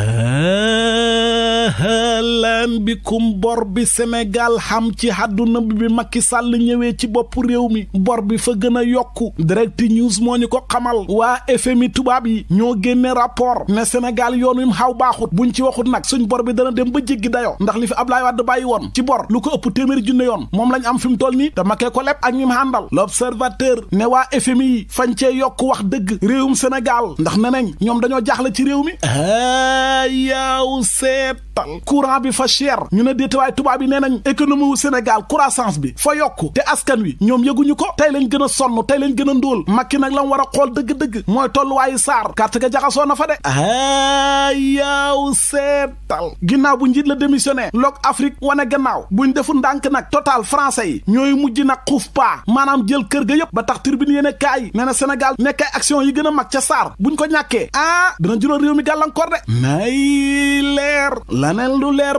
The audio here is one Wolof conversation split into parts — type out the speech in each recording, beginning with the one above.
Ah, ah. ahlan bikum bor bi Sénégal xam ci àdduna bi Macky Sall ñëwee ci bopp réew mi bor bi fa gën a yokku direct news moo ñu ko xamal waa FMI tubaab yi ñoo génne rapport ne Sénégal yoon wi xaw baaxut buñ ci waxut nag suñ bor bi dana dem ba jéggi dayoo ndax li fi Ablaye Wade bàyyi woon ci bor lu ko ëpp téeméeri junne yoon moom lañ am fi mu toll nii te Macky ko leb ak ñi mu àndal l'observateur ne waa FMI yi fañ cee yokk wax dëgg réewum senegaal ndax ne ñoom dañoo jaaxle ci réew mi bi fa cher ñu ne déetawaay tubaab yi nee nañ économie wu Sénégal croissance bi fa yokk te askan wi ñoom yëguñu ko tey lañ gën a sonn tey lañ gën a ndóol makki nag lam war a xool dëgg-dëgg mooy tolluwaayu saar carte ga jaxasoo na fa de a ah, yaaw seetal ginnaaw bu njiit la démissionné loog Afrique wane gannaaw ñu deful ndànk nag total français yi ñooy mujj na xuuf paa maanaam jël kër ga yëpp ba tax turbine yéen kaay yi nee na Sénégal nekk ay action yi gën a mag ca saar buñ ko ñàkkee ah dina mi gàllankoor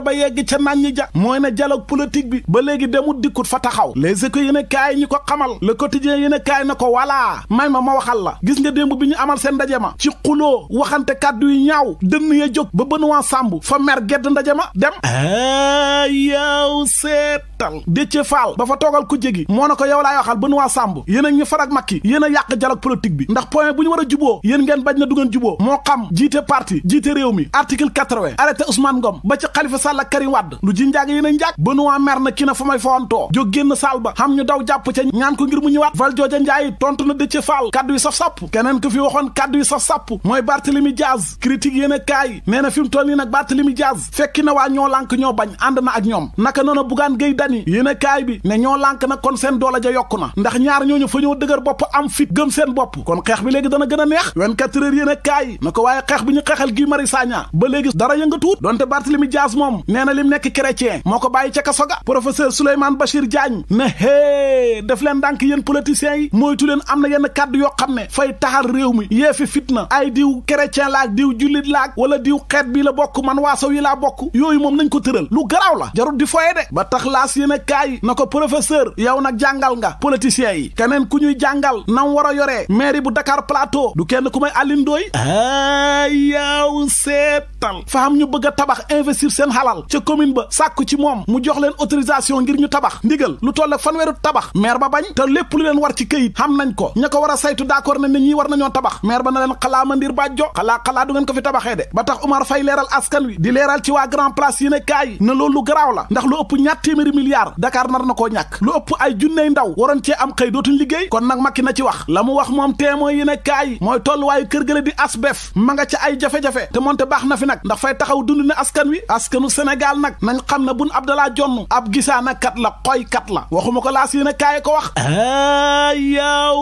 xar ba yegg ca nañ ja mooy ne dialogue politique bi ba léegi demut dikkut fa taxaw les écoles yéen a ñi ko xamal le quotidien yéen a kaay na ko walaa may ma ma waxal la gis nga démb bi ñu amal seen ndaje ma ci xuloo waxante kàddu yi ñaaw dënn ya jóg ba Benoît Sambou fa mer gedd ndaje ma dem a yow seetal Déthié Fall ba fa toogal ku jégi moo na ko yow laay waxal Benoît Sambou yéen ak ñu farak Macky yéen a yàq dialogue politique bi ndax point bu ñu war a juboo yéen ngeen bañ na du ngeen juboo moo xam jiite parti jiite réew mi article 80 arrêté Ousmane Ngom ba Sall ak Karim lu ji njaag a njaag Benoît mer na ki na fa may fowantoo jóg génn saal ba xam ñu daw jàpp ca ñaan ko ngir mu ñëwaat val jooja njaay tontu na dëcc faal kaddu yi saf sàpp keneen ko fi waxoon kaddu yi saf sàpp mooy Barthélemy Diaz critique yéen a kaay nee na fi mu toll fekki na waa ñoo lànk ñoo bañ ànd na ak ñoom naka noonu bugaan géy dani yéen kaay bi ne ñoo lànk nag kon seen doole ja yokku na ndax ñaar ñooñu fa ñoo dëgër moom nee na lim nekk chrétien moo ko bàyyi ca kaso ga professeur Souleymane Bachir Diagne na hee def leen ndànk yéen politiciens yi moytu leen am na yenn kàddu yoo xam ne fay taxal réew mi yee fitna ay diw chrétien laag diw jullit laag wala diw xeet bii la bokk man waasaw yi laa bokk yooyu moom nañ ko tëral lu garaaw la jarul di foye de ba tax laas yéen a na ko professeur yow nag jàngal nga politiciens yi keneen ku ñuy jàngal nam war a yoree mairie bu Dakar Plateau du kenn ku may Alioune Ndoye a yow seetal fa ñu bëgg a tabax investir seen xalaat alal ca commune ba sàkku ci moom mu jox leen ngir ñu tabax ndigal lu toll fanweeru tabax maire ba bañ te lépp lu leen war ci këyit xam nañ ko ña ko war a saytu d'accord nañ ne ñi war nañoo tabax maire ba na leen xalaa bàjjo xalaa xalaa ngeen ko fi tabaxee de ba tax Umar Fay leeral askan wi di leeral ci waa grand place yi ne kaay na loolu garaaw la ndax lu ëpp ñaat téeméeri milliards Dakar nar na koo ñàkk lu ëpp ay junney ndaw waroon Sénégal nag nañ xam ne Boun Abdallah Dionne ab gisaanakat la xoykat la waxuma ko laas yéen a kaay ko wax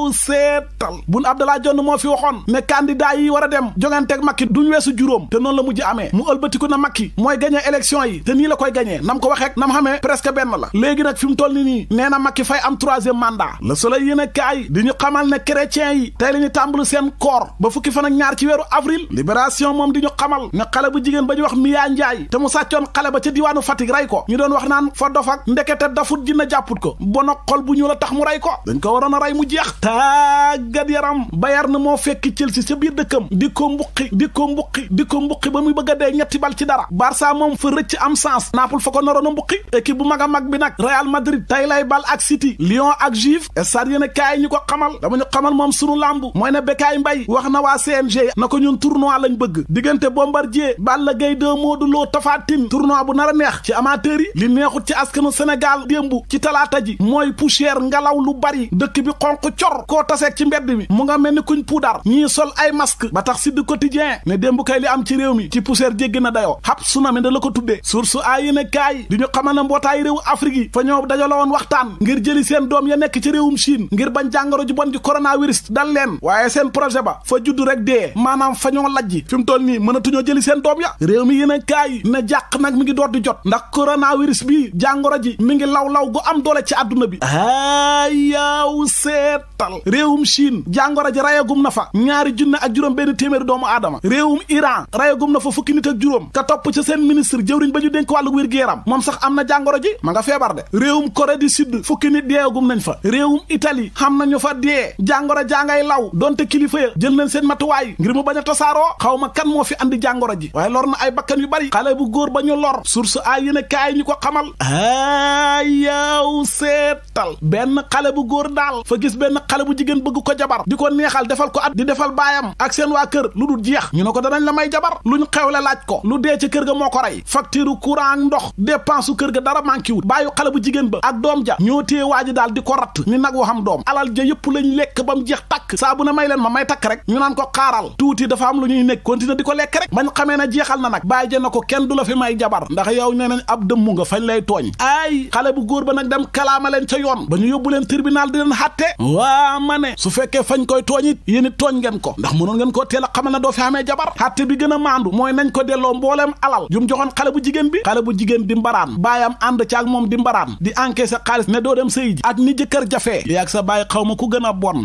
bu seetal bun Abdalaa Jonn moo fi waxoon ne candidat yi war a dem joŋanteeg Macky duñ weesu juróom te noonu la mujj amee mu ëlbatiku na Macky mooy gañee élection yi te nii la koy gañee nam ko waxeek nam xamee presque benn la léegi nag fi mu toll ni nii nee na Macky fay am troisième mandat Le Soleil yéen a kaay di ñu xamal ne chrétiens yi tey la ñu tàmbalu seen koor ba fukki fan ak ñaar ci weeru avril Libération moom di ñu xamal ne xale bu jigéen ba ñu wax Miya Njaay te mu sàccoon xale ba ca diwaanu Fatick ray ko ñu doon wax naan fa dof ak ndekete dafut jinna jàpput ko bona xol bu ñu la tax mu ray ko dañ ko a tàggat yaram na moo fekk Chelsea sa biir dëkkam di ko mbuqi di ko mbuqi di ko mbuqi ba muy bëgg a dee ñetti bal ci dara Barça moom fa rëcc am sens Naples fa ko naroon a mbuqi équipe bu mag a mag bi nag Real Madrid tay lay bal ak City Lyon ak Juve stade yéen a kaay ñu ko xamal dama ñu xamal moom sunu làmb mooy ne Bécaye Mbaye wax na waa CNG na ko ñun tournoi lañ bëgg diggante Bombardier Balla Gaye 2 Modou Lo Tapha Tine tournoi bu nar a neex ci amateur yi li neexut ci askanu Sénégal démb ci talaata ji mooy poussière ngelaw lu bari dëkk bi xonq cor koo taseeg ci mbedd mi mu nga mel ni kuñ puudar ñii sol ay masque ba tax si du quotidien ne démb kay li am ci réew mi ci poussière jéggi na dayoo xab tsunami da la ko tuddee source a yéen kaay di ñu xamal na mbootaayu réewu Afrique yi fa ñoo dajala waxtaan ngir jëli seen doom ya nekk ci réewum Chine ngir bañ jàngoro ju bon ji coronavirus dal leen waaye seen projet ba fa judd rek dee maanaam fa ñoo lajji fi mu toll nii mënatuñoo jëli seen doom ya réew mi yéen kaay ne jàq nag mi ngi doot di jot ndax coronavirus bi jàngoro ji mi ngi law law gu am doole ci àdduna bi aya yow seetal réewum Chine jàngoro ji rayagum na fa ñaari junne ak juróom benn téeméeri doomu aadama réewum Iran rayagum na fa fukki nit ak juróom ka topp ca seen ministre jëwriñ ba ñu dénk wàllu wér-gu-yaram moom sax am na jàngoro ji ma nga feebar de réewum Corée du Sud fukki nit deeyagum nañ fa réewum Italie xam nañu fa dee jàngoro jàngay law donte kilifa ya jël nañ seen matuwaay ngir mu bañ a tasaaroo xaw ma kan moo fi andi jàngoro ji waaye lor na ay bakkan yu bari xale bu góor ba ñu lor source ay yéen a ñu ko xamal a yow seetal daal fa gis benn xale bu jigéen bëgg ko jabar di ko neexal defal ko at di defal baayam ak seen waa kër lu dul jeex ñu ne ko danañ la may jabar luñ xewle laaj ko lu dee ci kër ga moo ko rey facture courant ak ndox dépense su kër ga dara manqué wut bàyyu xale bu jigéen ba ak doom ja ñoo téye waa ji daal di ko ratt ni nag waxam doom alal ja yëpp lañ lekk ba mu jeex takk saa bu ne may leen ma may takk rek ñu naan ko xaaral tuuti dafa am lu ñuy nekk continuer di ko lekk rek bañ xamee ne jeexal na nag bàyyi ja ko kenn du la fi may jabar ndax yow nee nañ ab dëmmu nga fañ lay tooñ ay xale bu góor ba nag dem kalaama leen ca yoon ba ñu yóbbu leen tribunal leen xatte waa ma ne su fekkee fañ koy tooñit yéen tooñ ngeen ko ndax mënoon ngeen ko teel a xamal na doo fi amee jabar xatte bi gën a maandu mooy nañ ko delloo mbooleem alal jum joxoon xale bu jigéen bi xale bu jigéen di mbaraan baayam ànd caag moom di mbaraan di sa xaalis ne doo dem sëy ji ak ni jëkkër jafee yaag sa bàyyi xaw ma ku gën a bon